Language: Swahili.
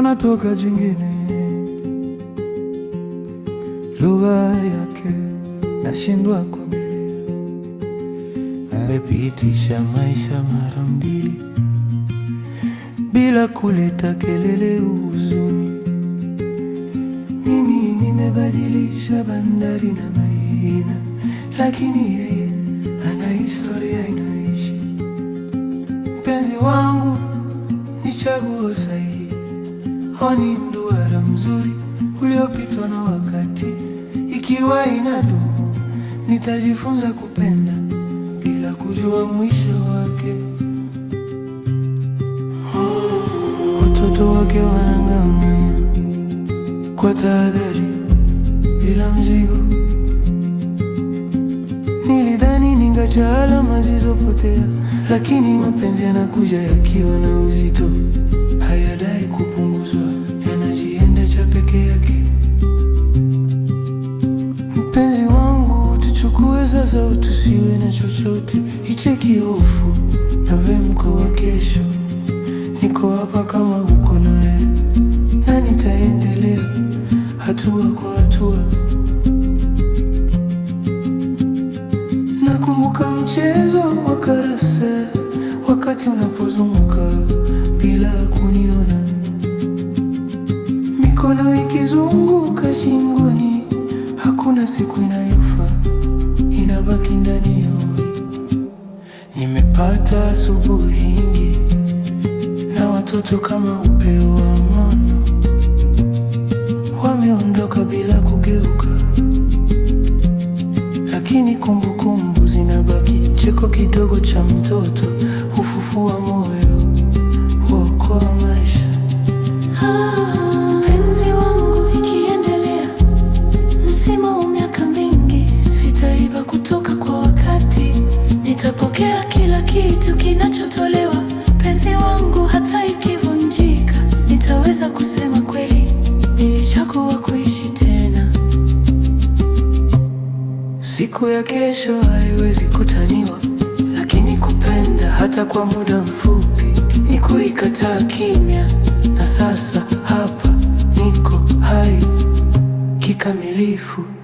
sana toka jingine, lugha yake nashindwa kuvumilia. Amepitisha maisha mara mbili bila kuleta kelele, huzuni. Mimi nimebadilisha bandari na majina, lakini yeye ana historia inaishi. Mpenzi wangu ni chaguo kwani mduara mzuri uliopitwa na wakati. Ikiwa inadumu nitajifunza kupenda bila kujua mwisho wake. Watoto wake wanangamanya kwa tahadhari, bila mzigo. Nilidhani ningacha alama zilizopotea, lakini mapenzi yanakuja yakiwa na uzito. Mpenzi wangu tuchukue sasa, utusiwe na chochote, icheki hofu na mko wa kesho. Niko hapa kama uko naye, na nitaendelea hatua kwa hatua. Nakumbuka mchezo wa karasa, wakati unapozunguka bila kuniona, mikono ikizunguka shingo Hakuna siku inayofaa inabaki ndani ya nimepata asubuhi nyingi na watoto kama upeo wa mono wameondoka bila ku Siku ya kesho haiwezi kutaniwa, lakini kupenda hata kwa muda mfupi ni kuikataa kimya, na sasa hapa niko hai kikamilifu.